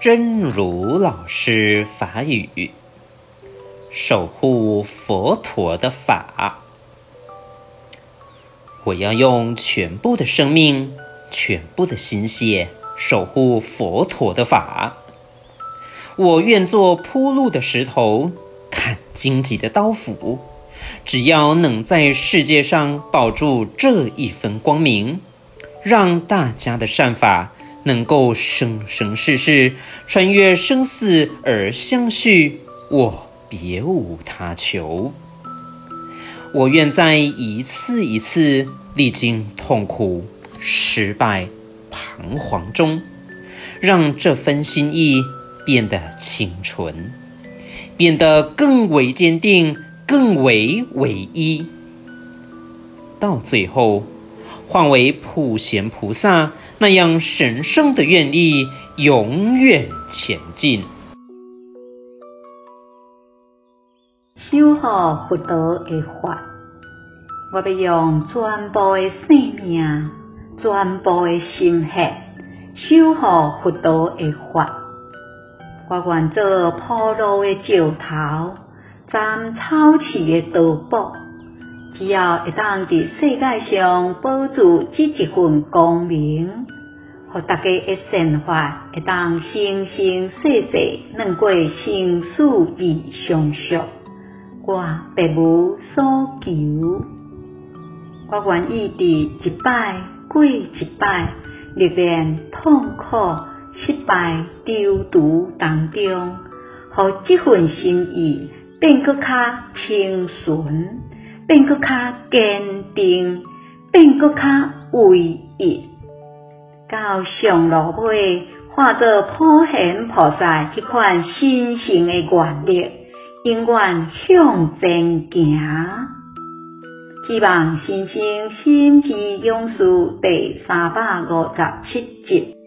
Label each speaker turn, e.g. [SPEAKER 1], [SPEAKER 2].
[SPEAKER 1] 真如老師法語，守護佛陀的法，我要用全部的生命、全部的心血守護佛陀的法。我願做鋪路的石頭，砍荊棘的刀斧，只要能在世界上保住這一分光明，讓大家的善法。能夠生生世世穿越生死而相續，我別無他求。我願在一次一次歷經痛苦、失敗、彷徨中，讓這份心意變得清純，變得更為堅定，更為唯一。到最後，化為普賢菩薩那樣神聖的願力，永遠前進，
[SPEAKER 2] 守護佛陀的法。我要用全部的生命、全部的心血，守護佛陀的法。我願做鋪路的石頭，砍荊棘的刀斧。只要會當佇世界上保住即一份光明，和大家的善法，會當生生世世能過生死之相續，我別無所求。我願意佇一擺過一擺，歷練痛苦、失敗、躊躇當中，和這份心意變擱較清純，變閣較堅定，變閣較唯一，到上路尾化作普賢菩薩迄款神聖的願力，永遠向前行。希望新生心之勇士第三百五十七集。